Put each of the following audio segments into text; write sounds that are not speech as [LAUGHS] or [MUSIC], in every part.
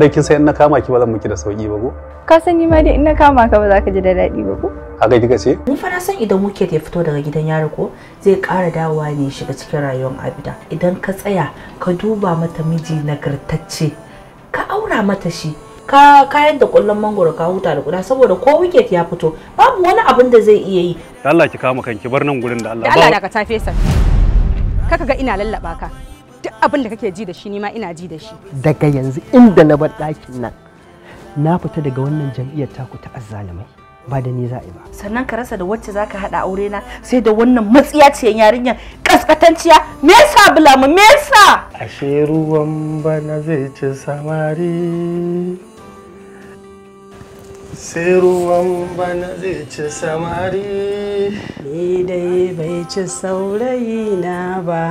dai kin san in na kama ki ba zan miki da sauki ba ko ka san ni ma dai in na kama ka ba za ka ji da daɗi ba ko haka kika ce mun fa san idan muke ya fito daga gidan yaro ko zai kara dawowa ne shiga cikin rayuwar abida idan ka tsaya ka duba mata miji nagartacce ka aura mata shi ka kayan da kullum mangoro ka huta da kuda saboda ko wicket ya fito babu wani abin da zai iya yi Allah ki kama kanki bar nan gurin da Allah da Allah da ka tafe sa kaka ga ina lallaba ka duk abin da kake ji da shi ni ma ina ji da shi daga yanzu inda na bar ɗakin nan na fita daga wannan jam'iyyar taku ta azzalumai ba da ni za a yi ba sannan ka rasa da wacce zaka haɗa aure na sai da wannan matsiyaciyan yarinyar kaskatanciya me yasa bulamu me yasa ashe ruwan bana zai ci samari sai ruwan bana zai ci samari ni dai bai ci saurayi na ba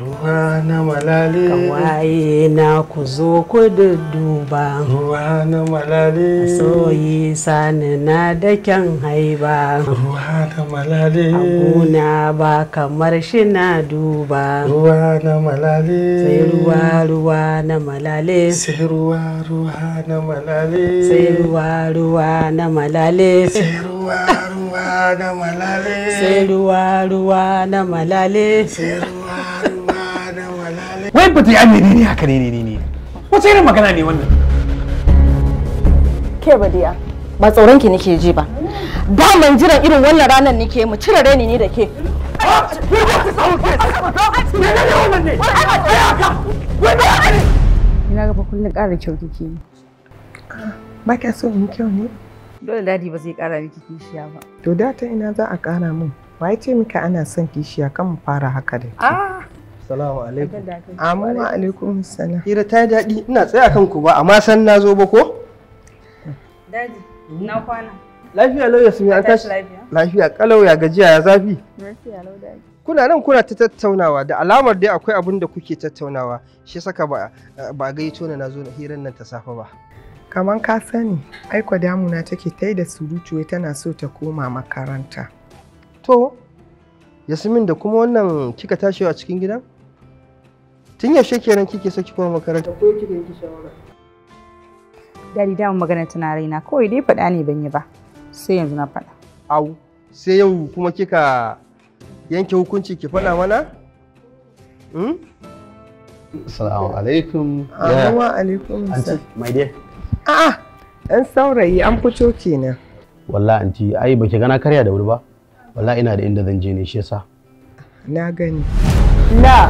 ruwa na malale kawaye na ku zo ku dudduba ruwa na malale soyi sani na da kyan haiba ruwa na malale aguna ba kamar shi na duba ruwa na malale sai ruwa ruwa na malale sai ruwa ruwa na malale sai ruwa ruwa ruwa na malale sai ruwa ruwa na malale sai ruwa ruwa na malale sai ruwa ruwa na malale wai ba ta yi amini ne haka ne ne ne wace irin magana ne wannan ke badiya ba tsoron ki nake ji ba daman jiran irin wannan ranar nake mu cire reni ne da ke Ina ga fa kullum ƙara kyau kike ba kya so in kyau ne dole dadi ba zai kara miki kishiya ba to da ta ina za a kara min ya ce mika ana son kishiya kan mu fara haka da ke Assalamu ah! alaikum. Amma ah, wa alaikum salam. Hira ta daɗi ina tsaya kan ku ba amma san na zo ba ko? Dadi na kwana. Lafiya lau sun yi an tashi. Lafiya kalau ya gajiya ya zafi. Lafiya lau kuna nan kuna ta tattaunawa da alamar dai akwai abin da kuke tattaunawa shi saka ba ba gaito na zo na hirar nan ta safe ba kamar ka sani, aiko damuna take ta da surutu tana so ta koma makaranta. To, Yasmin da kuma wannan kika tashi a cikin gidan? Tun yaushe kenan kike so ki koma makaranta ko kike yanke shawara? Dari dama magana tana raina kawai dai faɗa ne ban yi ba. Sai yanzu na faɗa. Au, sai yau kuma kika yanke hukunci ki faɗa mana? Hmm? Assalamu alaikum. Assalamu ah, alaikum. Auntie, my dear. A'a, ɗan saurayi an fito kenan. Wallahi anti, ai baki gana karya da wuri ba. Wallahi ina da inda zan je ne shi yasa. Na gani. Na.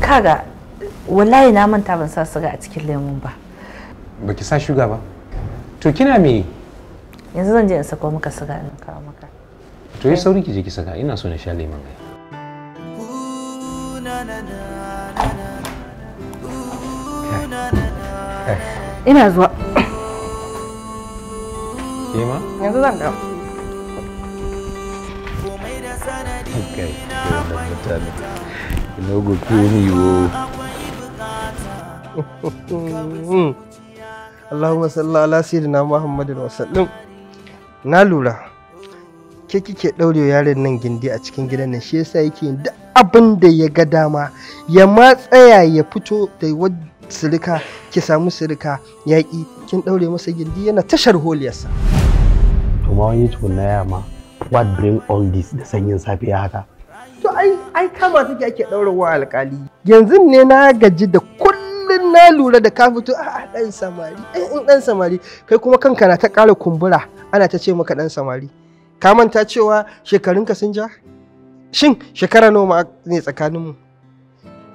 Kaga, wallahi na manta ban sa suga a cikin lemun ba. Baki sa shuga ba? To kina me? Yanzu zan je in sako maka suga in kawo maka. To yi sauri ki je ki saka, ina so na sha lemun. ai. ina zuwa ma? yanzu zan dawo kai no go kill ni wo Allahumma salli ala sayyidina Muhammadin wa sallim na lura ke kike daure yaron nan gindi a cikin gidan nan shi yasa yake yin duk abin da ya ga dama ya ma tsaya ya fito da sirika ki samu sirika yaƙi kin ɗaure masa gindi yana tashar holiyarsa. to ma wani tukunna ya ma what bring all this da sanyin ya haka. to ai ai kama suke ake ɗaura wa alƙali yanzu ne na gaji da kullum na lura da ka fito a ah, ah, ɗan samari eh, in ɗan samari kai kuma kanka na ta ƙara kumbura ana ta ce maka ɗan samari ka manta cewa shekarunka sun ja. shin shekara nawa ne tsakaninmu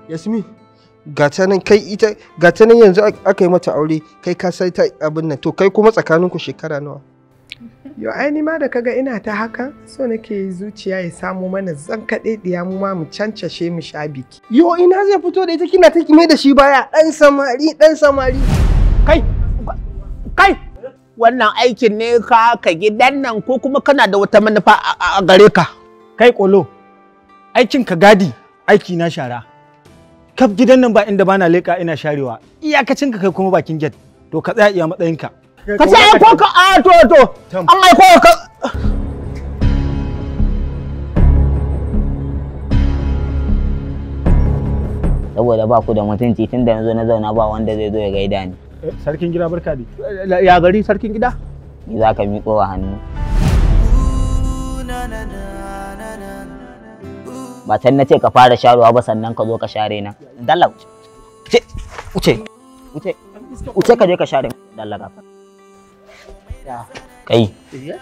yasmin ga ta nan kai ita ga nan yanzu aka yi mata aure kai ka sai ta abin nan to kai kuma tsakaninku shekara nawa yo ai ni ma da kaga ina ta haka so nake zuciya ya samu mana zan kaɗe ɗiya mu ma mu cancashe mu sha biki yo ina zai fito da ita kina take mai da shi baya ɗan samari ɗan samari kai kai wannan aikin ne ka ka gidan nan ko kuma kana da wata manufa a gare ka kai kolo aikin ka gadi aiki na shara kaf gidan nan ba inda bana leka ina sharewa iyakacin ka kai kuma bakin gate to ka tsaya iya matsayin ka ka ce ka a to to an aiko ka saboda ba ku da mutunci tun da yanzu na zauna ba wanda zai zo ya gaida ni eh, sarkin gida barka ne ya gari sarkin gida ni za ka miƙo wa hannu ba can na ce ka fara sharuwa ba sannan ka zo ka share na dalla wuce uce uce uce ka je ka share dalla ka kai eh?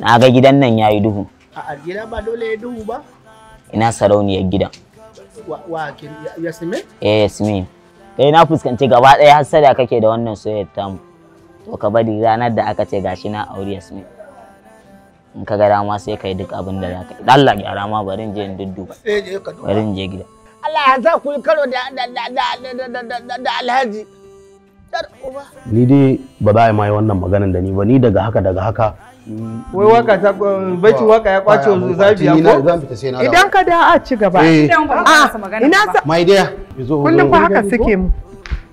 na ga gidan nan yayi duhu a gida ba dole ya duhu ba ina sarauniyar gidan wa yasmin eh yasmin kai na fuskanci gaba ɗaya hassada kake da wannan ta tamu to ka bari ranar da aka ce gashi na aure yasmin in ka ga dama sai kai duk abin da za ka yi Allah gyara ma bari in je in dudduba bari in je gida Allah ya sa ku karo da da alhaji ni dai ba za a yi ma wannan maganan da ni ba ni daga haka daga haka wai waka ta baiti waka ya kwace zabiya ko idan ka da a ci gaba eh. idan ba ina sa mai dai kullum ba haka suke mu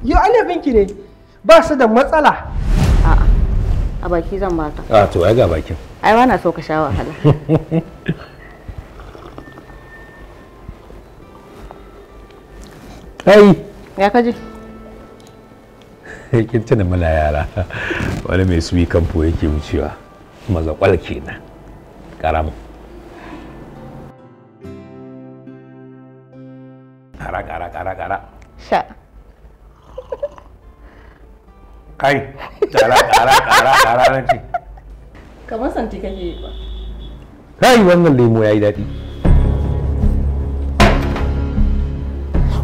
yo alafinki ne ba su da matsala a'a a baki zan ba baka a ah, to ai ga bakin ai ba na so ka sha wahala kai ya kaji kin tuna mala yara wani mai suyi kamfo yake wucewa kwal kenan karamu kara kara kara kara sha kai kara kara kara kara na ce kamar santi kake yi ba kai wannan lemo yayi daɗi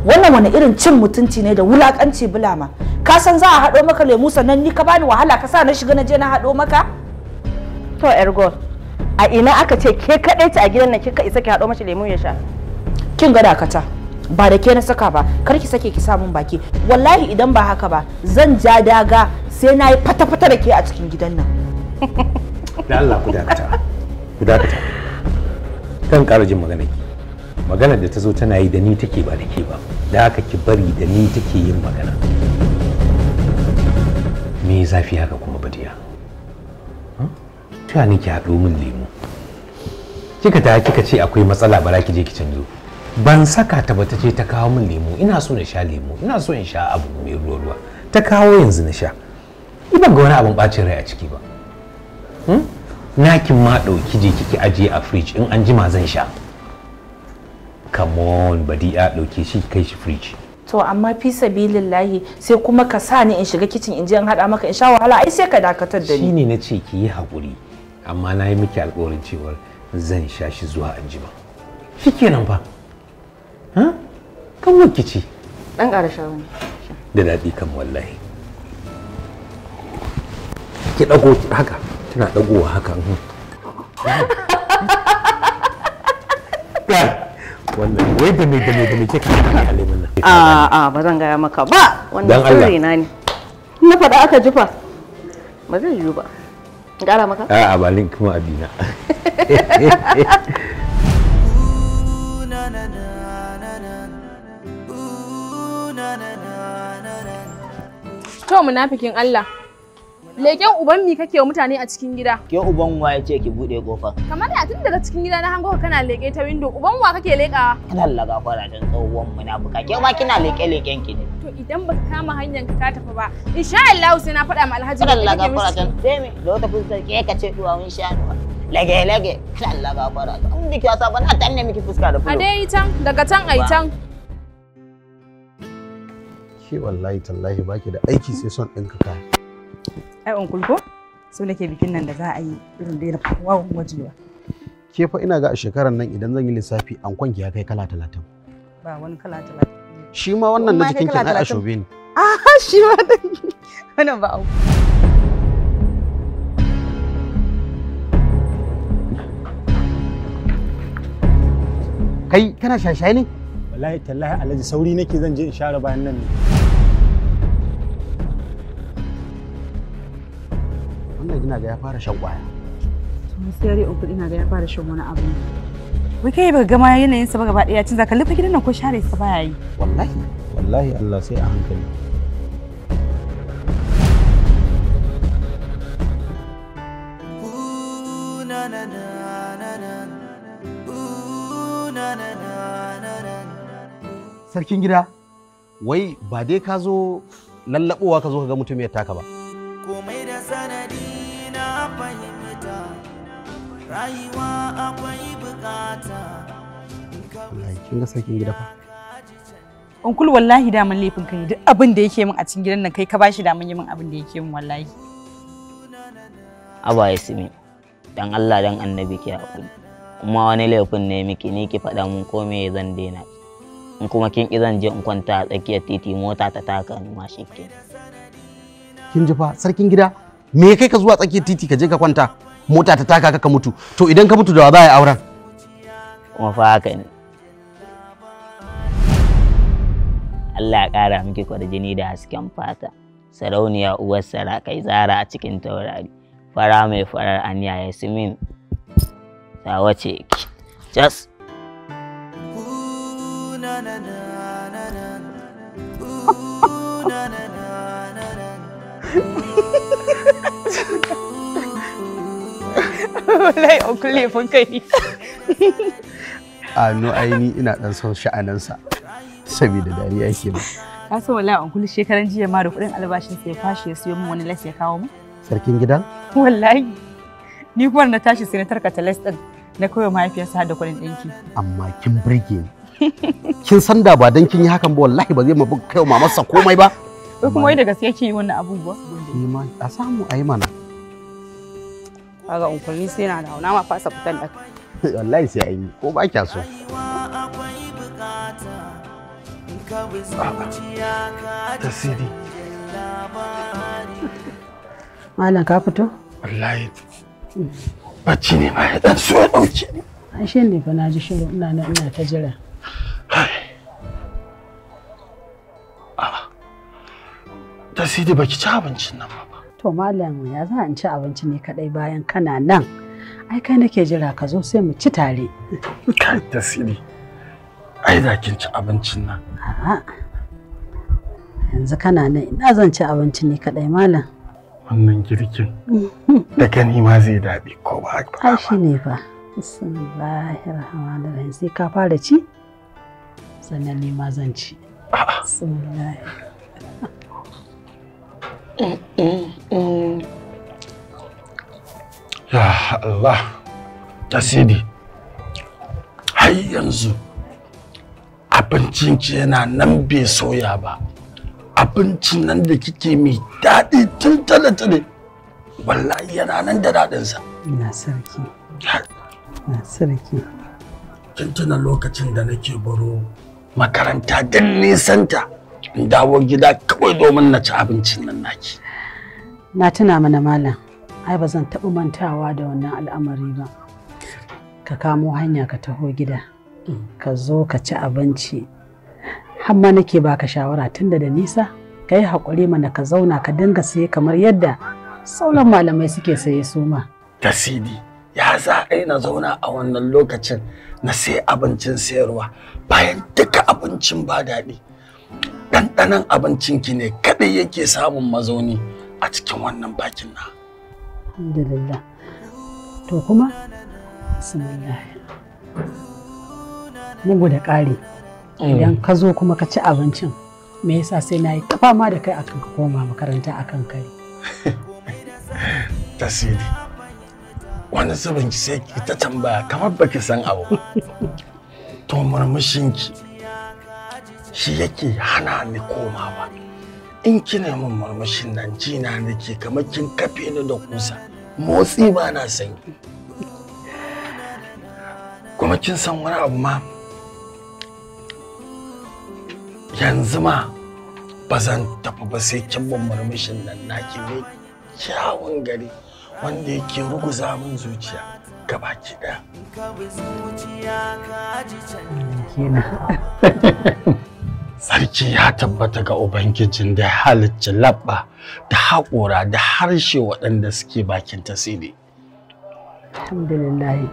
wannan wani irin cin mutunci ne da wulakanci bulama ka san za a haɗo maka lemu sannan ni ka bani wahala ka sa na shiga na je na haɗo maka to ergol a ina aka ce ke kaɗai ta a gidan nan kika isa ki haɗo mashi lemu ya sha kin ga dakata ba da ke na saka ba kar ki sake ki sa mun baki wallahi idan ba haka ba zan ja daga sai na yi fata-fata da ke a cikin gidan nan [LAUGHS] da Allah ku dakata ku dakata kan ƙara jin magana ki magana da ta zo tana yi da ni take ba da ke ba da haka ki bari da ni take yin magana me zafi haka kuma badiya ni ki haɗo min lemu kika ta kika ce akwai matsala bara ki je ki canzo ban saka ta ba ta ce ta kawo min lemu ina so na sha lemu ina so in sha abu mai ruwa ruwa ta kawo yanzu na sha Ina ga wani abin bacin rai a ciki ba hmm? nakin ma ɗauki je kiki ajiye a fridge in an jima zan sha come on a ɗauke shi kai shi fridge to amma fi sabilillahi sai kuma ka sa ni in shiga kicin in je in haɗa maka in sha wahala ai sai ka dakatar da ni shine na ce ki yi hakuri amma na yi miki alƙawarin cewa zan sha shi zuwa anjima shikenan fa ha kan wakici dan ƙara da daɗi kan wallahi ki dago haka tana dagowa haka wannan wai da me da me da me kika haka alemin nan a a ba zan gaya maka ba wannan sirri na ne na faɗa aka jufa. ba zai yiwu ba ƙara maka a ba link kuma abina to munafikin Allah Leken uban mi kake wa mutane a cikin gida? Ke uban wa ya ce ki bude kofa. Kamar da tun daga cikin gida na hango kana leƙe ta window, uban wa kake leƙawa? Kana laga fara dan tsohuwan munafuka. Ke ma kina leke leken ki ne. To idan baka kama hanyar ka tafi ba, insha Allah sai na faɗa ma Alhaji da Kana laga fara dan sai me da wata fuska ke eh ka ce sha shanuwa. lege. lege, kana laga fara. In biki wasa ba na danne miki fuska da fulo. A dai can daga can ai can. Ke wallahi tallahi baki da aiki sai son ɗinka kaya. ai on kulko su nake bikin nan da za a yi irin da na wawan wajewa ke fa ina ga a shekarar nan idan zan yi lissafi an kwanki ya kai kala talatin ba wani kala talatin shi ma wannan na jikin kin ai a shobe ne ah shi ma [LAUGHS] wannan ba au kai kana shashai ne wallahi tallahi alhaji sauri nake zan je in share bayan nan ne ina gina ga ya fara shan kwaya to gaskiya dai uku ina ga ya fara shan wani abu wai kai baka gama yanayin sa ba gaba daya cin zaka lufa gidan nan ko share sa baya yi wallahi wallahi Allah sai a hankali Sarkin gida, wai ba dai ka zo lallaɓowa ka zo ka ga mutum ya taka ba. Komai rayuwa akwai bukata kin ga sakin gida fa Onkul wallahi daman laifin kai duk abin da yake min a cikin gidan nan kai ka bashi daman yi min abin da yake min wallahi Aba Yasmin dan Allah dan Annabi ki hakuri kuma wani laifin ne miki ni ki faɗa mun ko me zan daina in kuma kin ki zan je in kwanta a tsakiyar titi mota ta taka ni ma shi kin ji fa sarkin gida me kai ka zuwa tsakiyar titi ka je ka kwanta mota ta taka ka mutu to idan ka mutu da wa za a yi auren kuma fa haka ne Allah ya ƙara miki kwarjini da hasken fata sarauniya uwar sarakai zara a cikin taurari fara mai farar aniya ya simin ta wace ki ha Ha ha ha ha! wallahi uncle laifin kai ne ah, a no aini ina dan son sha'anansa saboda dariya yake ba ka san wallahi uncle shekaran jiya ma da kudin albashin sai fashi ya siyo min wani las ya kawo mu sarkin gidan wallahi ni kuma na tashi sai na tarkata las din na koyo mahaifiyarsa da kudin ɗinki amma kin burge ni kin san da ba dan kin yi hakan ba wallahi ba zai mu kai mamarsa komai ba ko kuma wai da gaske yake yi wannan abubuwa ni ma a samu yi mana kaga unkulli sai na dawo na ma fasa fitan da [LAUGHS] wallahi sai an yi ko ba kya so tasiri [LAUGHS] malam ka fito wallahi bacci ne ma ya dan so ya dauke ni an shi ne fa naji shiru ina nan ina ta jira tasiri baki ci abincin nan ba To malam ya za in ci abinci ne kadai bayan kana nan. Ai kai nake jira ka zo sai mu ci tare. Kai tasiri. Ai za kin ci abincin nan. A'a. Yanzu kana nan ina zan ci abinci ne kadai malam. Wannan girkin da gani ma zai daɗi ko ba haka Ai shi ne fa. Bismillahir Rahmanir Rahim sai ka fara ci sannan ni ma zan ci. Bismillahir ya Allah tasiri har yanzu abincin ki yana nan bai soya ba abincin nan da kike mai daɗi tun tale-tale wallahi yana nan da daɗinsa na sarki na sarki kin tuna lokacin da nake baro makaranta don nisanta in dawo gida kawai domin na ci abincin nan naki na tuna mana malam ai ba zan taɓa mantawa da wannan al'amari ba ka kamo hanya ka taho gida mm. ka zo ka ci abinci har ma nake baka shawara tunda da nisa ka yi haƙuri mana ka zauna ka dinga saye kamar yadda sauran malamai suke saye su ma tasidi ya za a na zauna a wannan lokacin na sai abincin sayarwa bayan duka abincin ba daɗi ɗanɗanon abincinki ne kaɗai yake samun mazauni a cikin wannan bakin na. Alhamdulillah. To kuma, Sumayya. Mugu da ƙari. Mm. Idan ka zo kuma ka ci abincin, me yasa sai na yi ma da kai akan ka koma makaranta akan kai. [LAUGHS] Tasiri. Wani zubin ki sai ki ta tambaya kamar baki san abu. [LAUGHS] To murmushinki. ki. shi yake hana ni komawa in kina min murmushin nan jina nake kamar kin kafe ni da kusa motsi ba na san kuma kin san wani abu ma yanzu ma ba zan tafi ba sai kin min murmushin nan naki ne kyawun gari wanda yake ruguza min zuciya gabaki ɗaya [LAUGHS] Sarki ya tabbata ga Ubangijin da halicci labba da haƙora da harshe waɗanda suke bakin tasiri. Alhamdulillah.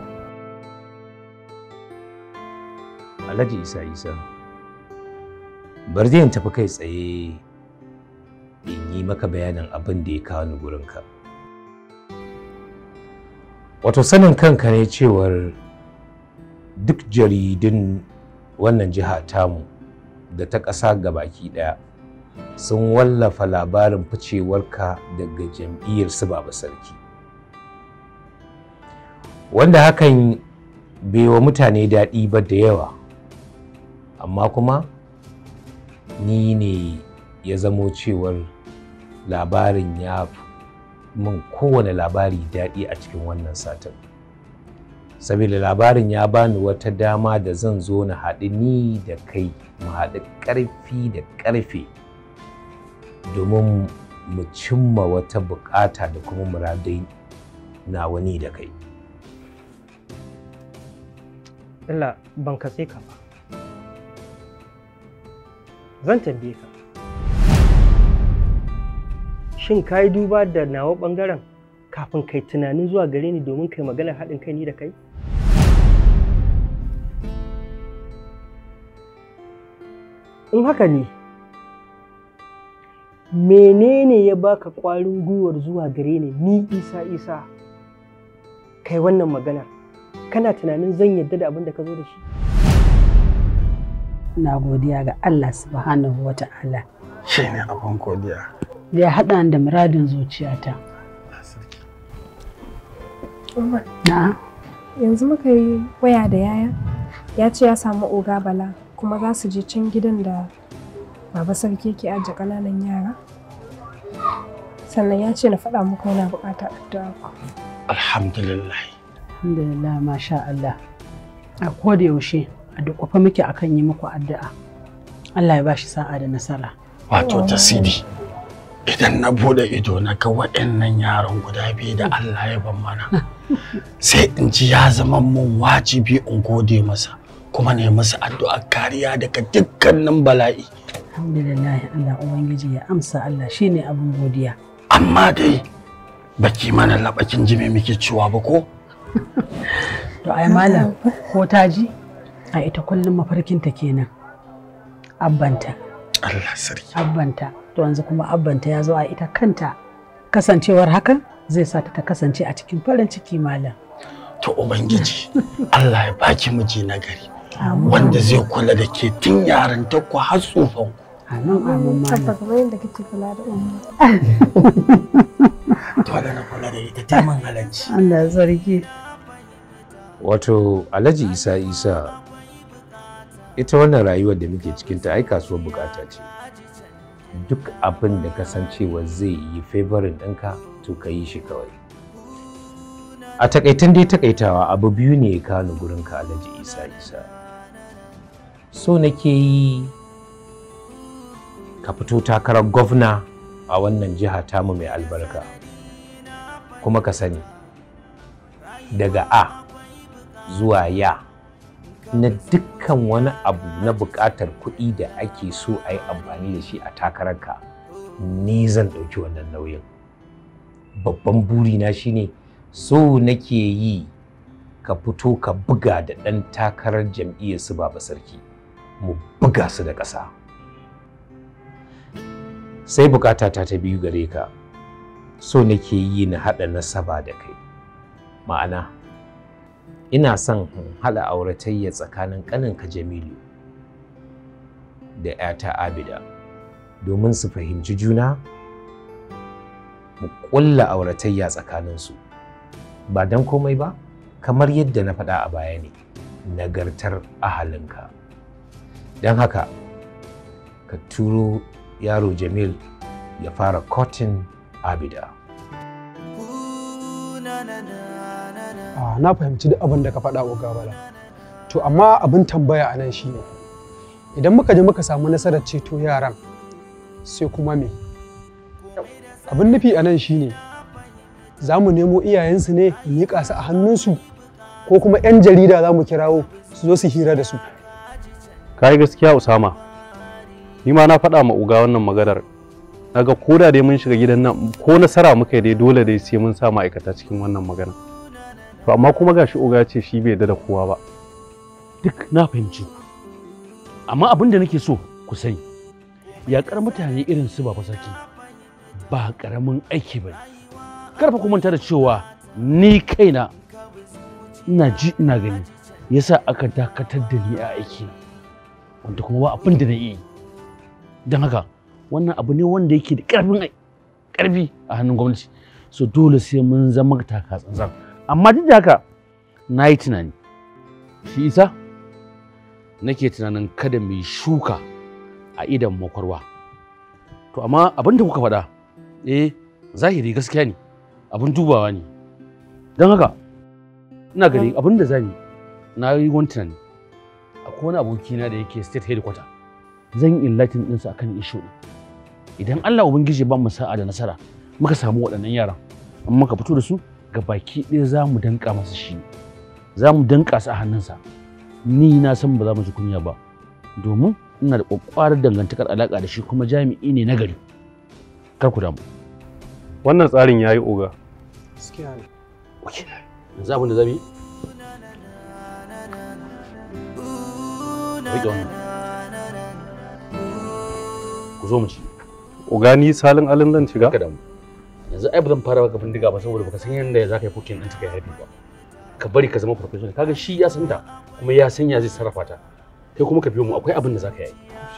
Alhaji Isa Isa, bar zai tafi kai tsaye in yi maka bayanin abin da ya kawo ni gurinka. Wato sanin kanka ne cewar duk jaridun wannan jiha tamu da ta ƙasa ga baki ɗaya sun wallafa labarin ficewarka daga jam'iyyar su baba sarki wanda hakan bai wa mutane daɗi ba da yawa amma kuma ni ne ya zamo cewar labarin ya min kowane labari daɗi a cikin wannan satin saboda labarin ya bani wata dama da zan zo na haɗu ni da kai mu haɗu ƙarfi da ƙarfe domin mu cimma wata buƙata da kuma muradai na wani da kai Allah ban katse ka ba zan tambaye ka shin ka yi duba da nawa ɓangaren kafin kai tunanin zuwa gare ni domin kai maganar haɗin kai ni da kai? in haka ne menene ya baka ƙwarin gwiwar zuwa gare ni ni isa isa kai wannan magana kana tunanin zan yarda da abin da ka zo da shi na godiya ga Allah subhanahu wa ta'ala shi ne abin godiya ya haɗa da muradin zuciyata na yanzu muka yi waya da yaya ya ce ya samu oga bala kuma za su je can gidan da baba sarki yake ajiye ƙananan yara sannan ya ce na faɗa muku yana buƙata addu'a ku alhamdulillah alhamdulillah masha Allah a koda yaushe a kofa muke akan yi muku addu'a Allah ya bashi sa'a da nasara wato tasiri idan na bude ido na ga waɗannan yaran guda biyu da Allah ya ban mana [LAUGHS] sai in ji ya zama mun wajibi in gode masa kuma ne musu addu'a kariya daga dukkanin bala'i alhamdulillah Allah ubangiji ya amsa Allah shine abin godiya amma dai baki mana labakin jime muke cewa ba ko [LAUGHS] to ai malam ko taji a ita kullum mafarkinta kenan abbanta Allah sarki abbanta to yanzu kuma abbanta ya zo a ita kanta kasancewar haka zai sa ta kasance a cikin farin ciki malam to ubangiji [LAUGHS] Allah ya baki miji na gari wanda zai kula da ke tun yarinta ku har tsufan ku amin amin ma kula da umma [LAUGHS] na kula da ita ta man halanci Allah zargi wato Alhaji Isa Isa ita wannan rayuwar da muke cikin ta ai kasuwar bukata ce duk abin da kasancewa zai yi favorin ɗinka to ka yi shi kawai a takaitan dai takaitawa abu biyu ne ya kano gurinka alhaji isa isa so nake yi ka fito takarar gwamna a wannan jiha tamu mai albarka kuma ka sani daga a zuwa ya na dukkan wani abu na buƙatar kuɗi da ake so a yi amfani da shi a takararka ni zan ɗauki wannan nauyin babban burina shine so nake yi ka fito ka buga da ɗan takarar jam'iyyar su baba sarki mu buga su da ƙasa sai bukata ta ta biyu gare ka so nake yi na haɗa nasaba da kai ma'ana ina son in haɗa auratayya tsakanin ƙaninka jamilu da 'yata abida domin su fahimci juna mu ƙulla auratayya tsakaninsu ba dan komai ba kamar yadda na faɗa a baya ne nagartar ahalinka don haka ka turo yaro jamil ya fara cotton abida ah, na fahimci duk abin da ka faɗa wa gabala to amma abin tambaya a nan shine idan muka je muka samu nasarar ceto yaran sai kuma me abin nufi a nan shine za mu nemo iyayensu ne miƙa su a hannunsu ko kuma 'yan jarida za mu kirawo su zo su hira da su kai gaskiya usama ni ma na faɗa ma uga wannan maganar naga ko da dai mun shiga gidan nan ko nasara muka dai dole dai sai mun sa ma'aikata cikin wannan magana to amma kuma gashi uga ce shi bai da kowa ba duk na fahimci amma abin da nake so ku sani kar mutane irin su baba sarki ba karamin aiki ba karfa ku manta da cewa ni kaina ina ji ina gani yasa aka dakatar da ni a aiki kwanta kuma ba abin da zai yi don haka wannan abu ne wanda yake da karfin karfi a hannun gwamnati so dole sai mun zama taka tsantsan amma duk da haka na yi tunani shi isa nake tunanin kada mu shuka a idan makwarwa to amma abin da kuka faɗa eh zahiri gaskiya ne abin dubawa ne don haka ina gani abin da zani na yi wani tunani akwai wani na da yake state headquarter zan yi inlatin sa akan issue ɗin idan Allah ubangiji ba mu sa'a da nasara muka samu waɗannan yaran an muka fito da su ga baki ɗaya za mu danka masa shi za mu danka su a hannunsa ni na san ba za mu ji kunya ba domin ina da kwakwarar dangantakar alaƙa da shi kuma jami'i ne na gari. kar ku damu wannan tsarin ya yi oga gaskiya ne yanzu abin da rike wannan ku zo mu ci salin alin zan shiga ka damu yanzu ai ba zan fara baka bindiga ba saboda baka san yadda za ka yi kokin ɗin ya haifi ba ka bari ka zama professional kaga shi ya san ta kuma ya san ya zai sarrafa ta kai kuma ka biyo mu akwai abin da za ka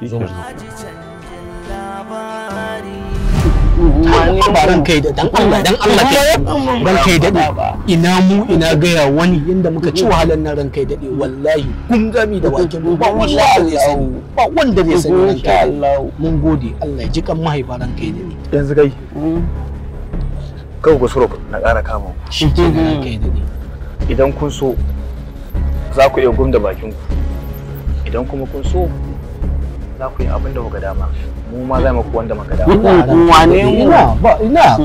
yi zo mu ba ran kai da dan Allah dan Allah kai ran kai dade ina mu ina gaya wani yanda muka ci wahalar nan ran kai dade wallahi kun gami da wakin ba wanda zai sani ba wanda zai sani ran kai mun gode Allah ya ji kan mahaifa ran kai dade yanzu kai hmm. kawai gusuro na kara kama shi ke ran kai dade idan kun so za ku iya gumda bakin ku idan kuma kun so za ku yi abin da kuka dama mu ma za mu wanda maka da wane ina ba ina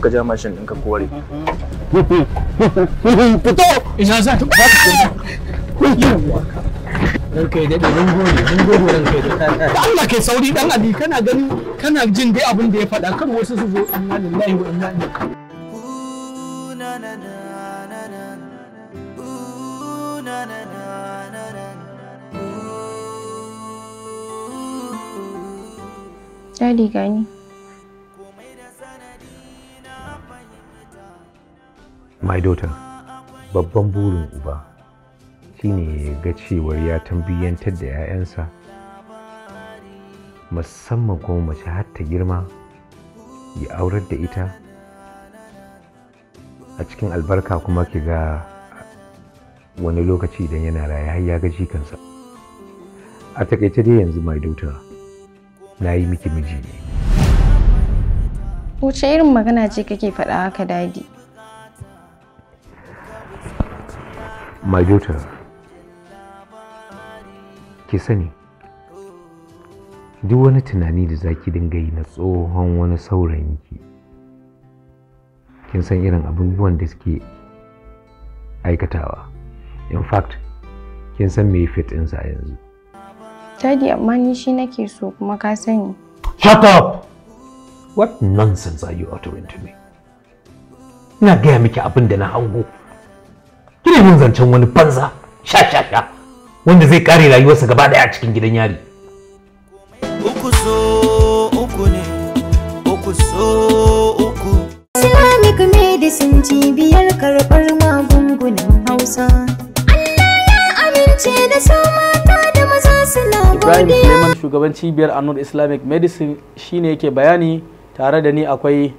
ka ja mashin kore [LAUGHS] fito ina Allah kai sauri dan Ali kana gani kana jin dai abin da ya faɗa kar wasu su zo inna lillahi wa inna ilaihi Dadi gani. My daughter, babban burin uba shine ga cewar ya tambiyantar da 'ya'yansa musamman kuma mace har ta girma ya aurar da ita a cikin albarka kuma ki ga wani lokaci idan yana raya har ya ga kansa a takaice dai yanzu my daughter. na yi miki miji ne wace irin magana ce kake faɗa haka dadi my daughter ki sani duk wani tunani da zaki dinga yi na tsohon wani saurayinki kin san irin abubuwan da suke aikatawa in fact kin san me fit ɗinsa a yanzu Daddy, amma ni shi nake so kuma ka sani. Shut up! What nonsense are you uttering to me? Ina gaya miki abin da na hango. Kina mun zancen wani banza sha sha sha wanda zai kare rayuwarsa gaba daya a cikin gidan yari. Uku so uku ne, uku so uku. Islamic Medicine cibiyar karɓar magungunan Hausa. Allah ya amince da su mata Ibrahim Suleiman shugaban cibiyar Anur Islamic Medicine shine yake bayani tare da ni akwai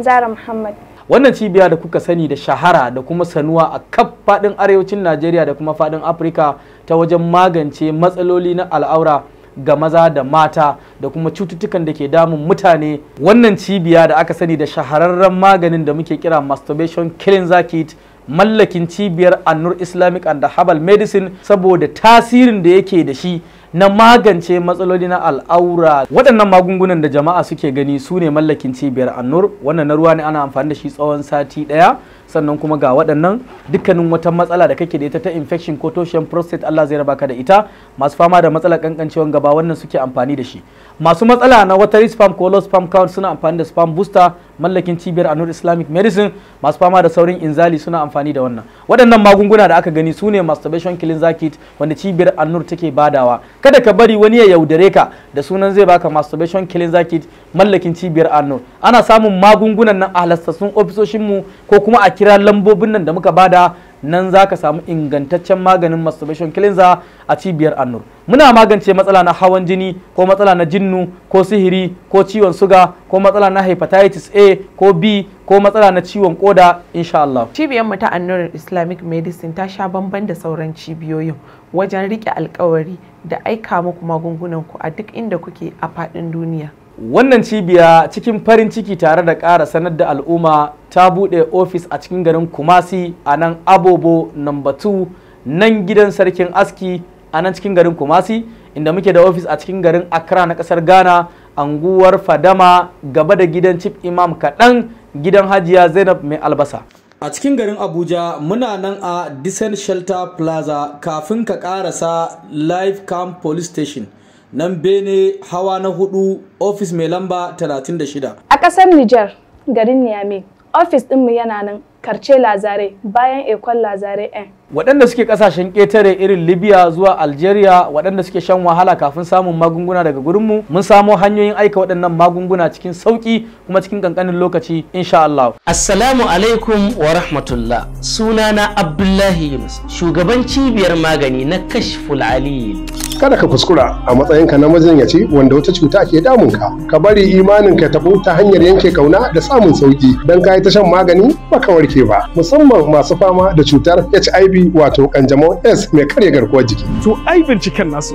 Zara Muhammad. Wannan cibiya da kuka sani da shahara da kuma sanuwa a kaf fadin arewacin Najeriya da kuma fadin Afirka ta wajen magance matsaloli na al'aura ga maza da mata da kuma cututtukan da ke damun mutane. Wannan cibiya da aka sani da shahararren maganin da muke kira masturbation killing kit mallakin cibiyar annur islamic and herbal medicine saboda tasirin da yake da shi na magance matsaloli na al'aura waɗannan magungunan da jama'a suke gani su ne mallakin cibiyar annur wannan na ruwa ne ana amfani da shi tsawon sati ɗaya sannan kuma ga waɗannan dukkanin wata matsala da kake da ita ta infection ko toshen prostate Allah zai raba ka da ita masu fama da matsalar kankancewan gaba wannan suke amfani da shi masu matsala na water spam ko low spam count suna amfani da spam booster mallakin cibiyar anur islamic medicine masu fama da saurin inzali suna amfani da wannan waɗannan magunguna da aka gani su ne masturbation killing zakit wanda cibiyar anur take badawa kada ka bari wani ya yaudare ka da sunan zai baka masturbation killing zakit mallakin cibiyar anur ana samun magungunan nan a halastassun mu ko kuma a kira lambobin nan da muka bada nan za ka samu ingantaccen maganin masturbation cleanser a cibiyar annur muna magance matsala na hawan jini ko matsala na jinnu ko sihiri ko ciwon suga ko matsala na hepatitis a ko b ko matsala na ciwon koda insha Allah. cibiyar mu ta annur islamic medicine ta sha bamban da sauran cibiyoyin wajen rike alkawari da aika muku magungunan ku a duk inda kuke a faɗin duniya. wannan cibiya cikin farin ciki tare da ƙara sanar da al'umma ta buɗe ofis a cikin garin kumasi a nan abobo number 2 nan gidan sarkin aski a nan cikin garin kumasi inda muke da ofis a cikin garin accra na ƙasar ghana anguwar fadama gaba da gidan chief imam kaɗan gidan hajiya zainab mai albasa a cikin garin abuja muna nan a descent shelter plaza kafin ka karasa live camp police station nan bene hawa na hudu ofis mai lamba 36 a ƙasar niger garin niamey ofis ɗinmu yana nan karce lazare bayan ekon lazare n waɗanda suke ƙasashen ƙetare irin libya zuwa algeria waɗanda suke shan wahala kafin samun magunguna daga gurinmu mun samo hanyoyin aika waɗannan magunguna cikin sauƙi kuma cikin ƙanƙanin lokaci insha Allah. assalamu alaikum wa rahmatullah sunana abdullahi yunus shugaban cibiyar magani na kashful aliyu kada ka kuskura a matsayinka na majinyaci wanda wata cuta ke damun ka ka bari imanin ka taɓo ta hanyar yanke kauna da samun sauƙi don ka yi ta shan magani ba kawar warke ba musamman masu fama da cutar HIV wato kanjamau S mai karya garkuwar jiki. To ai binciken nasu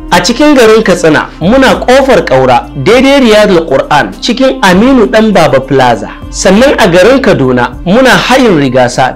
a cikin garin katsina muna kofar kaura daidai riyadul qur'an cikin aminu Ɗan baba plaza sannan a garin kaduna muna hayin rigasa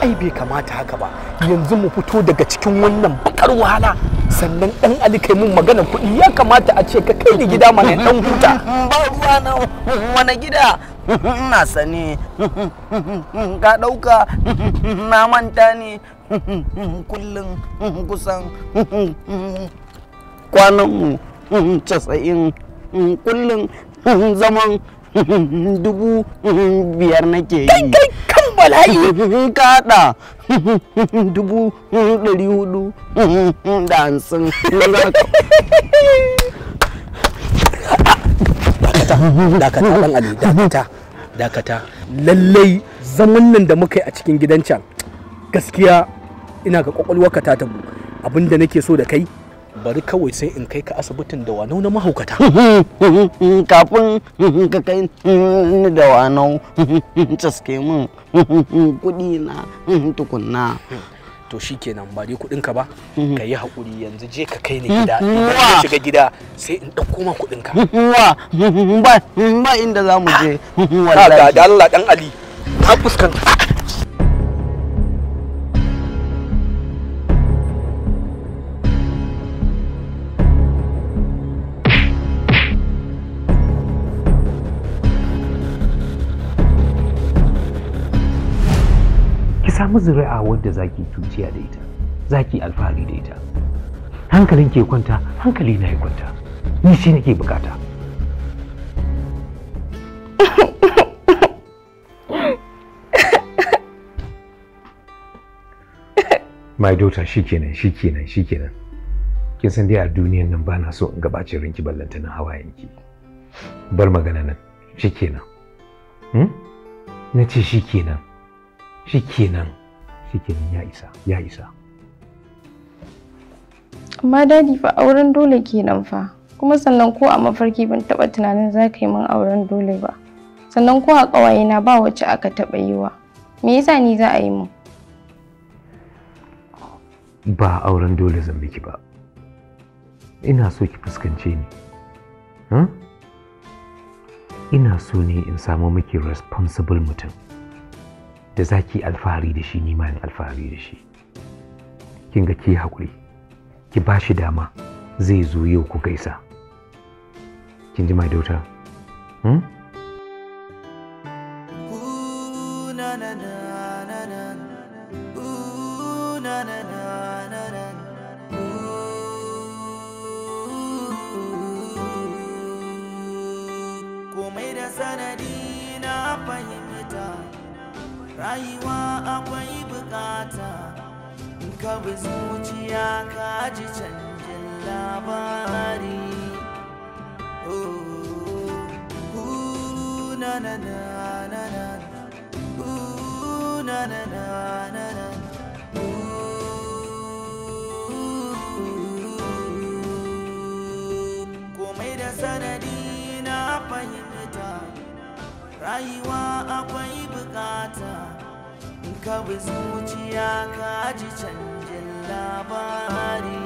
ai bai kamata haka ba yanzu mu fito daga cikin wannan bakar wahala sannan dan ali kai mun magana kuɗi ya kamata a ce ka kai ni gida mana dan huta ba ruwa na wani gida ina sani ka ɗauka na manta ne kullum kusan kwanan mu casa'in kullum zaman dubu biyar nake yi bala'i kada [LAUGHS] dubu ɗari hudu [LAUGHS] da hansun dakata dan ali dakata dakata lallai zaman nan da muka yi a cikin gidan can gaskiya ina ga kwakwalwarka ta tabu abinda nake so da kai bari kawai sai in kai ka asibitin da wano na mahaukata [LAUGHS] kafin ka kai ni da wanau [LAUGHS] caske min [LAUGHS] kudi na tukunna to shikenan ba dai kudin ka ba ka yi hakuri yanzu je ka kai ni gida ka shiga gida sai in dauko ma kudin ka ba ba inda zamu je wallahi da Allah dan Ali ka fuskanta samu zuri'a wadda zaki tuciya da ita zaki alfahari da ita hankalin ke kwanta hankali na ya kwanta ni shi nake bukata my daughter shikenan shikenan shikenan kin san dai a duniyan nan ba na so in gabaci rinki ballanta na yanki. bar magana nan shikenan hmm? na ce shikenan shikenan shikenan ya isa ya isa amma dadi fa auren dole kenan fa kuma sannan ko a mafarki ban taɓa tunanin za ka yi min auren dole ba sannan ko a ƙawaye na ba wacce aka taba yi wa me yasa ni za a yi mu ba auren dole zan miki ba ina so ki fuskance ni ina so ne in samu miki responsible mutum da zaki alfahari da shi ni ma alfahari da shi kin ga ki haƙuri ki ba shi dama zai zo yau ku gaisa kin ji mai dauta hmm? ka bi zuciya ka ji canjin labari na na na na na na na na na komai da sanadi na fahimta rayuwa akwai bukata ka bi zuciya ka canjin labari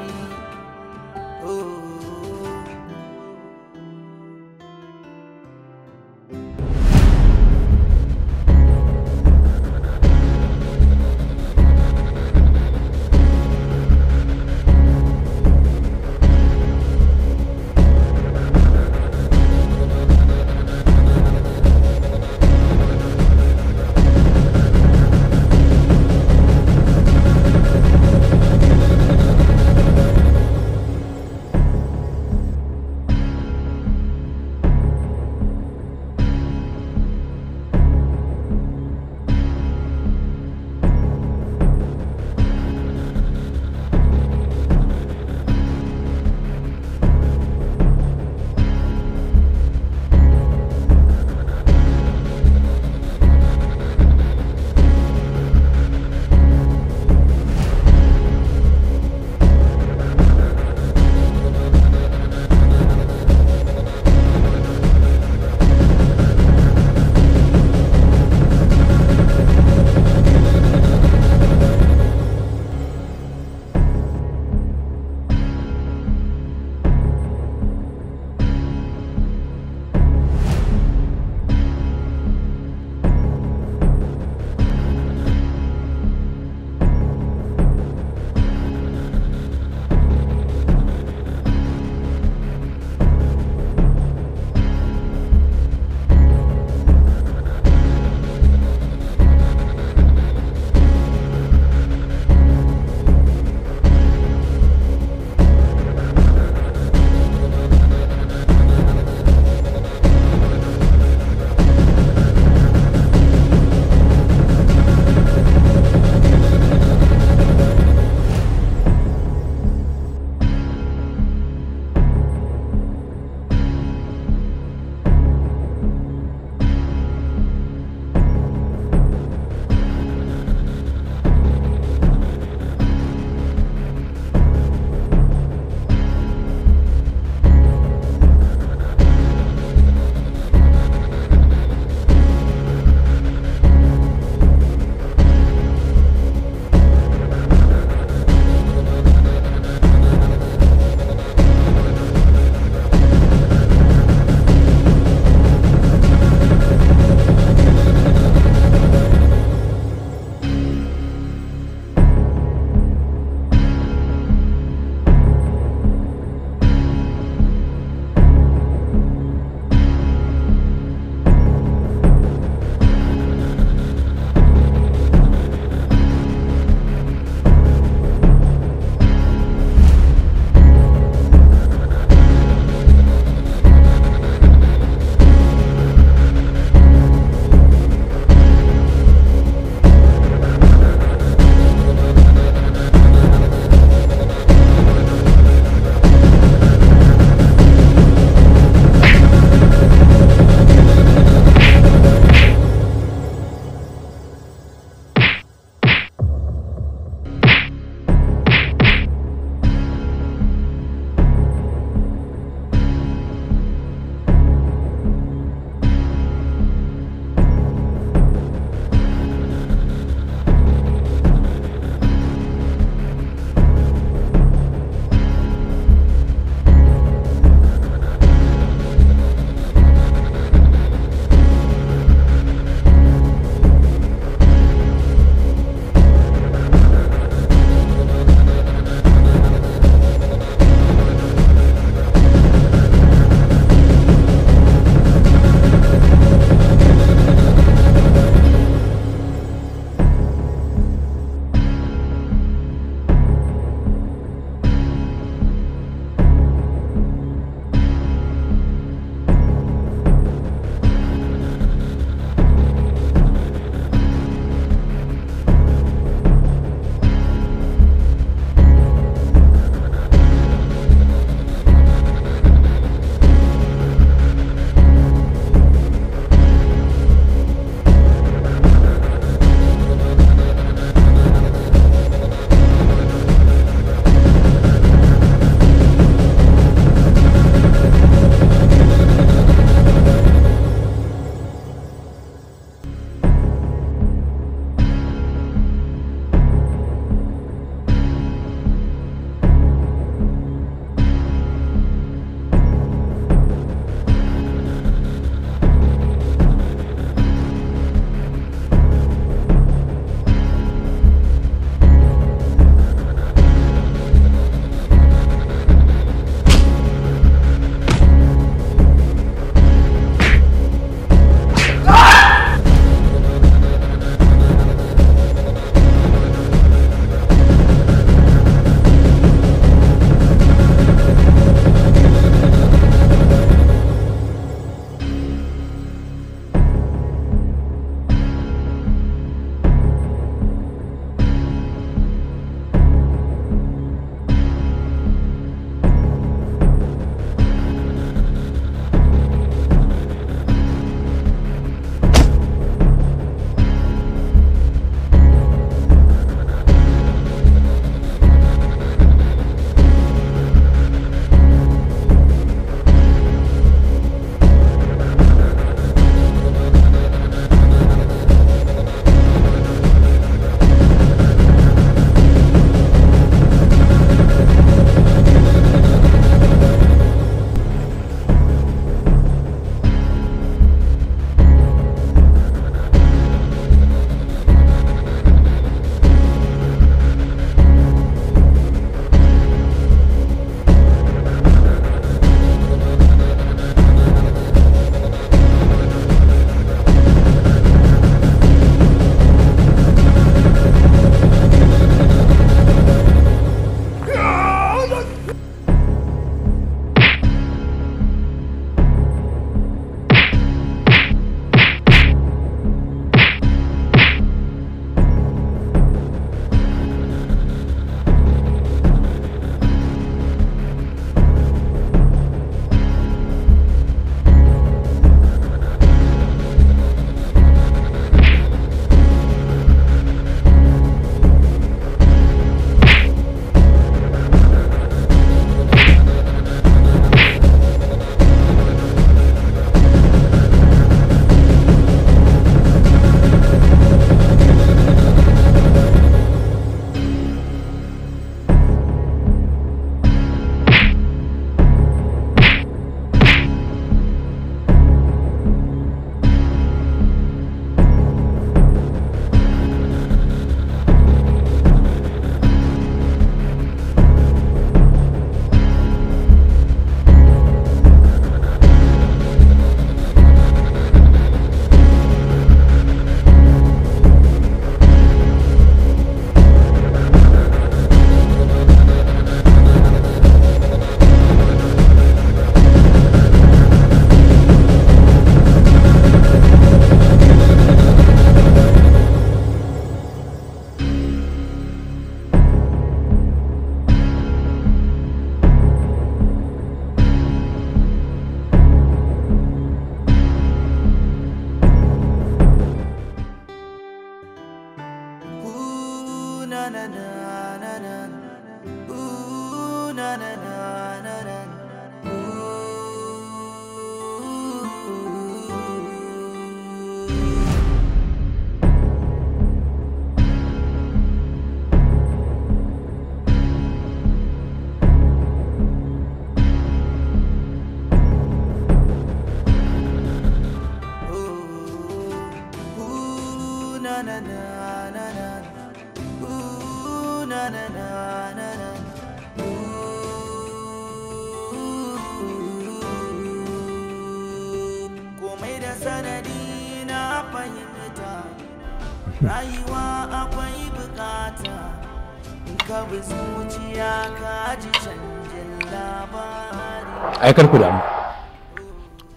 aikar ku damu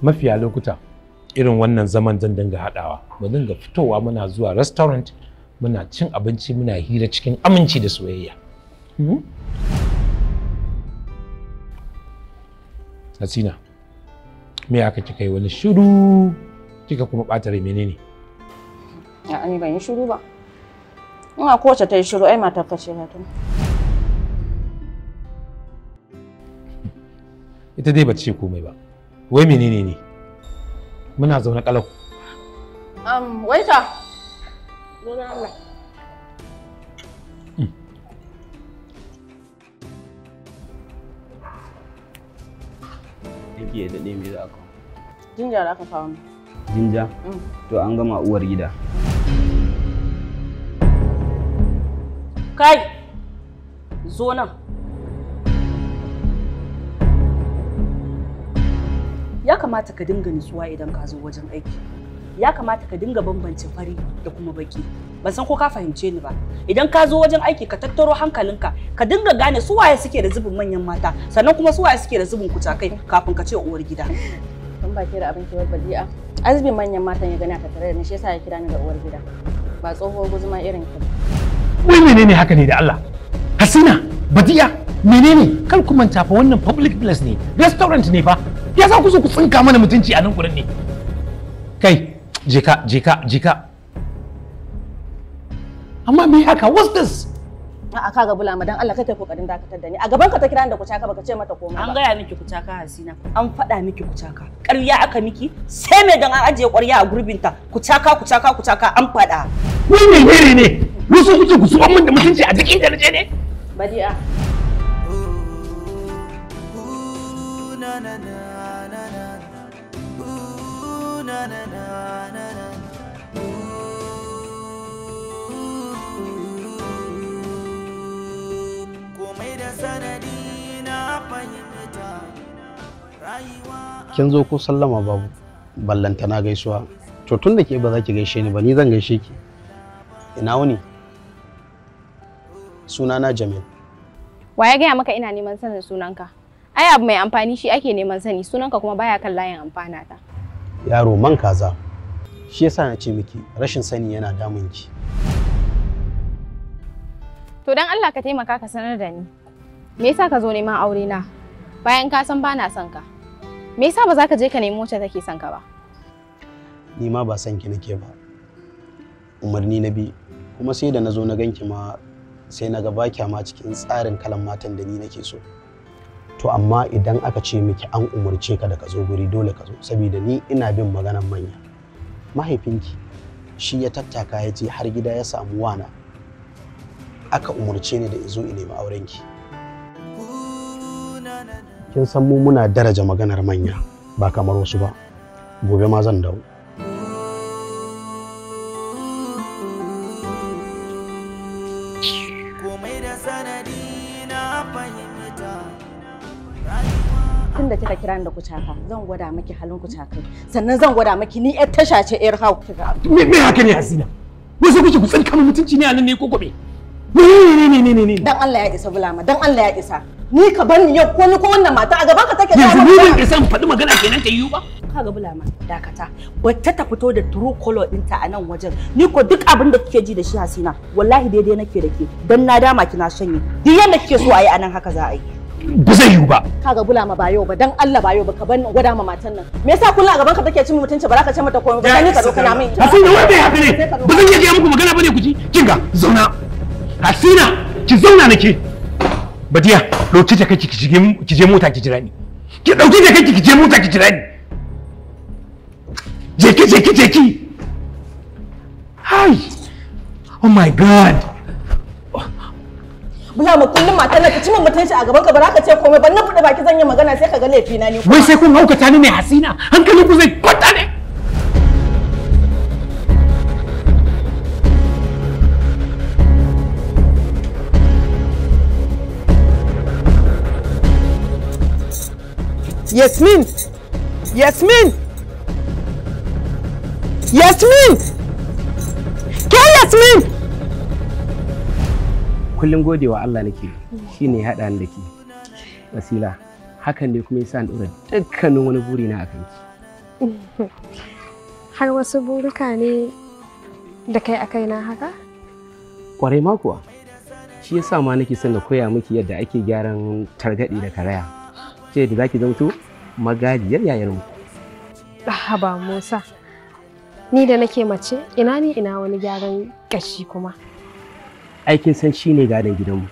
mafiya lokuta irin wannan zaman zan dinga haɗawa mu dinga fitowa muna zuwa restaurant muna cin abinci muna hira cikin aminci da soyayya hmm? Hasina, me aka kika yi wani shiru kika kuma ɓata rai menene? ya ni ban yi shiru ba. Ina kowace ta yi shiru ai matar ka ce ta. ita dai bace komai ba wai menene ne muna zaune kalau um waita don Allah Yake da ɗaya me za Jinja da aka kawo mu. Jinja? Hmm. To an gama uwar gida. Kai! Zo nan. ya kamata ka dinga nutsuwa idan ka zo wajen aiki ya kamata ka dinga bambance fari da kuma baki ban san ko ka fahimce ni ba idan ka zo wajen aiki ka tattaro hankalinka ka dinga gane su waye suke da zubin manyan mata sannan kuma su waye suke da zubin kucakai kafin ka ce uwar gida ban ba ke da abin kewar badi'a azubin manyan matan ya gana ta tare da ni shi yasa ya kira ni da uwar gida ba tsohuwar guzuma irin ki wai menene haka ne da Allah Hasina badi'a menene kar ku fa wannan public place ne restaurant ne fa ya sa ku so ku tsinka mana mutunci a nan kurin ne kai jika jika jika amma me haka what's this a kaga bula madan Allah kai kokarin dakatar da ni a gaban ka ta kira da kucaka baka ce mata komai an gaya miki kucaka hasina an fada miki kucaka ƙarya aka miki sai me dan an ajiye ƙarya a gurbin ta kucaka kucaka chaka an fada wani ne ne wasu kuke ku zuwa mun da mutunci a cikin inda naje ne badi'a kin zo ko sallama babu na gaisuwa to tun da ke ba za ki gaishe ni ba ni zan gaishe ki ina wuni na jamil wa ya gaya maka ina neman sanin sunanka ai abu mai amfani shi ake neman sani sunanka kuma baya kan layin amfana ta yaro man kaza shi yasa na ce miki rashin sani yana damun ki to dan Allah ka taimaka ka sanar da ni me yasa ka zo neman aure na bayan ka san bana son ka Me yasa ba za ka je ka nemi wacce take son ka ba? Ni ma ba san ki nake ba. Umarni na bi kuma sai da na zo na ganki ma sai na ga ba ma cikin tsarin kalan matan da ni nake so. To amma idan aka ce miki an umarce ka da ka zo guri dole ka zo saboda ni ina bin maganan manya. Mahaifinki shi ya tattaka ya ce har gida ya samu wana. Aka umarce ni da in zo in nemi aurenki. kin san mu muna daraja maganar manya ba kamar wasu ba gobe ma zan dawo tun da kika kira da kucaka zan gwada miki halin kucakai sannan zan gwada miki ni yar tasha ce yar hau me me haka ne hasina wasu kuke ku tsinka mutunci ne a nan ne ko gobe ne ne ne ne ne dan Allah ya isa bulama dan Allah ya isa ni ka bar ni yau ko ni ko wannan mata a gaban ka take da yanzu ni ban san faɗi magana kenan ta yiwu ba ka ga bulama dakata wacce ta fito da true color ɗinta a nan wajen ni ko duk abin da kike ji da shi Hasina wallahi daidai nake da ke dan na dama kina shanye duk yanda kike so a yi a nan haka za a yi ba zai yiwu ba k'a ga bulama ba yau ba dan Allah ba yau ba ka bar ni gwada ma matan nan me yasa kullun a gaban ka take cin mutunci ba za ka ce mata komai ba ni ka zo kana min Hasina wanda ya haka ne ba zan iya ga muku magana bane ku ji kinga zauna Hasina ki zauna nake badiya dauki ta kai ki je mota ki jira ni ki dauki ta kai ki je mota ki jira ni je ki je ki je ki hai oh my god bula ma kullum na ka ci mutunci a gaban ka ba ka ce komai ba na fada baki zan yi magana sai ka ga laifi na ne wai sai kun hauka ta ni ne hasina Hankali ku zai kwata ne Yasmin! Yasmin! Yasmin! Ke Yasmin! Kullum gode wa Allah nake shi ne haɗa ni da ke. Wasila, hakan ne kuma yasa ni ɗora dukkanin wani buri na akan ki. [LAUGHS] Har wasu burika ne da kai a na haka? Ƙwarai ma kuwa. Shi yasa ma nake son na koya miki yadda ake gyaran targaɗe da karaya. ce da zaki zauto magajiyar yayarmu. Haba Musa, ni da nake mace ina ni ina wani gyaran ƙashi kuma. Aikin san shi ne gadon gidanmu,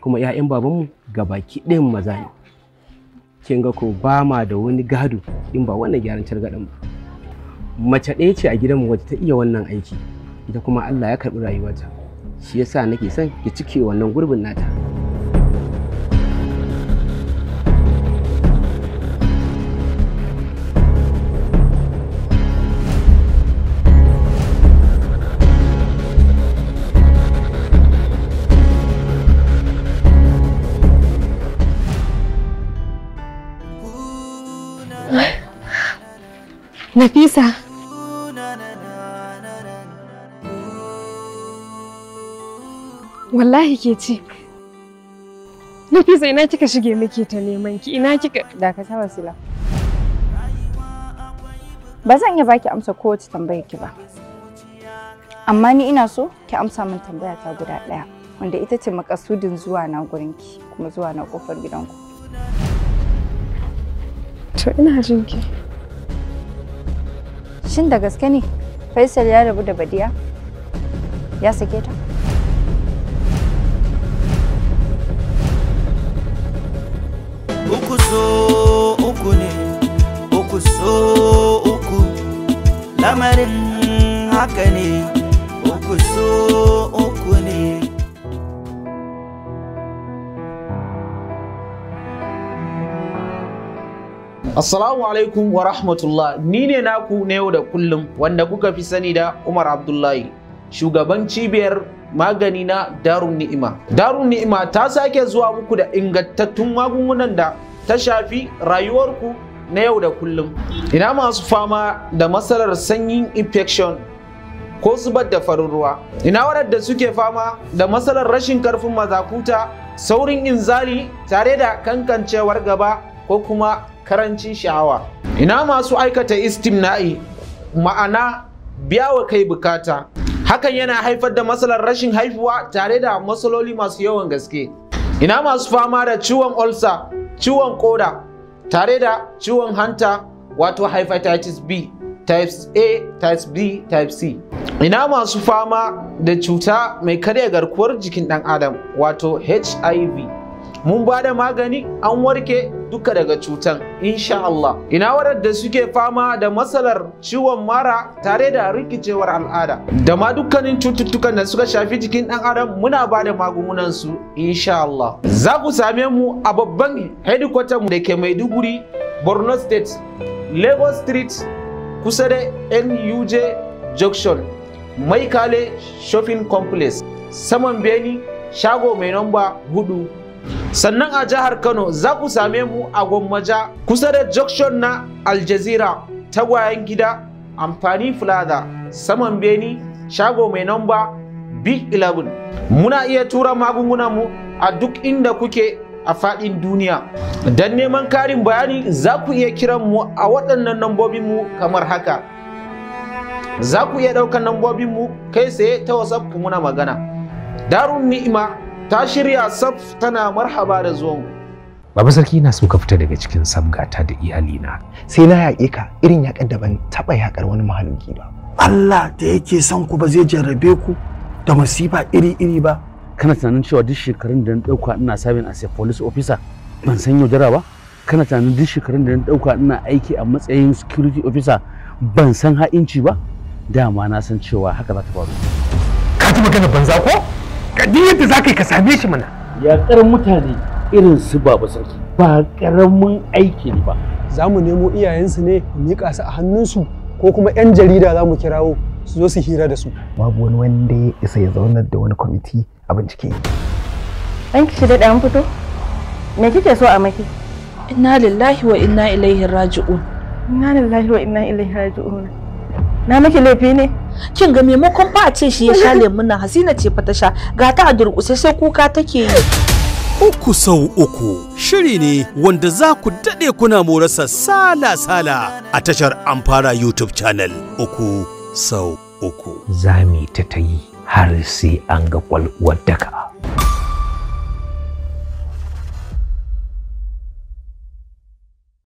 kuma 'ya'yan babanmu baki ɗayan maza ne. Kin ga ko ba ma da wani gado in ba wannan gyaran targaɗin ba. Mace ɗaya ce a gidanmu wacce ta iya wannan aiki, ita kuma Allah ya karɓi rayuwarta. Shi yasa nake son ki cike wannan gurbin nata. Nafisa. Wallahi ke ci Nafisa ina kika shige muke ta neman ki ina kika dakata wasila. Ba zan iya baki amsa kowace tambayar ki ba. Amma ni ina so ki amsa min tambaya ta guda ɗaya wanda ita ce makasudin zuwa na gurinki kuma zuwa na kofar gidanku. To ina jinki. ki. Shin da gaske ne Faisal ya rabu da Badiya? Ya sake ta? Uku uku ne, uku uku, lamarin haka ne, uku so uku ne. Assalamu alaikum wa rahmatullah ni ne naku na yau da kullum wanda kuka fi sani da Umar Abdullahi shugaban cibiyar magani na Darun Ni'ima. Darun Ni'ima ta sake zuwa muku da ingantattun magungunan da ta shafi rayuwarku na yau da kullum. Ina masu fama da matsalar sanyin infection ko zubar da farin ruwa. Ina waɗanda suke fama da matsalar rashin karfin mazakuta saurin inzali tare da kankancewar gaba ko kuma karancin sha'awa ina masu aikata istimna'i ma'ana biyawa kai bukata hakan yana haifar da matsalar rashin haifuwa tare da matsaloli masu yawan gaske ina masu fama da ciwon olsa ciwon koda tare da ciwon hanta wato hepatitis b types a types b type c ina masu fama da cuta mai karya garkuwar jikin ɗan adam wato hiv mun ba da magani an warke duka daga cutan insha Allah ina waɗanda suke fama da matsalar ciwon mara tare da rikicewar al'ada da ma dukkanin cututtukan da suka shafi jikin ɗan adam muna ba da magungunan su insha Allah za ku same mu a babban headquarter mu da ke Maiduguri Borno State Lagos Street kusa da NUJ Junction Maikale Shopping Complex saman Beni shago mai namba 4. sannan a jihar kano za ku same mu a gwammaja kusa da junction na aljazira tagwayen gida amfani plaza saman beni shago mai namba b11 muna iya tura mu a duk inda kuke a fadin duniya don neman karin bayani za ku iya kiran mu a waɗannan mu kamar haka za ku iya ɗaukar mu kai tsaye ta whatsapp muna magana darun ni'ima ta shirya saf tana marhaba da zuwan Baba sarki ina so ka fita daga cikin sabgata da iyalina. Sai na yaƙe ka irin yaƙar da ban taɓa yaƙar wani mahaluki ba. Allah da yake son ku ba zai jarrabe ku da masifa iri-iri ba. Kana tunanin cewa duk shekarun da na ɗauka ina sabin a police officer ban san yaudara ba? Kana tunanin duk shekarun da na ɗauka ina aiki a matsayin security officer ban san ha'inci ba? Dama na san cewa haka za ta faru. Ka ji magana banza ko? ka yadda za ka yi ka same shi mana yaƙar mutane irin su baba sarki ba ƙaramin aiki ne ba za mu nemo iyayensu ne mu miƙa su a hannunsu ko kuma 'yan jarida za mu kirawo su zo su hira da su babu wani wanda ya isa ya zaunar da wani kwamiti a bincike An kishi da an fito me kike so a maki inna lillahi wa inna ilaihi raji'un inna lillahi wa inna ilaihi raji'un Na miki laifi ne? Kin ga maimakon ba a ce shi ya sha [LAUGHS] lemun nan Hasina ce fa sha ga ta a durƙuse sai kuka take yi. Uku sau uku shiri ne wanda za ku daɗe kuna morasa sala-sala a tashar Amfara YouTube channel uku sau uku. Za mu ta ta yi har sai an ga kwalwar daka.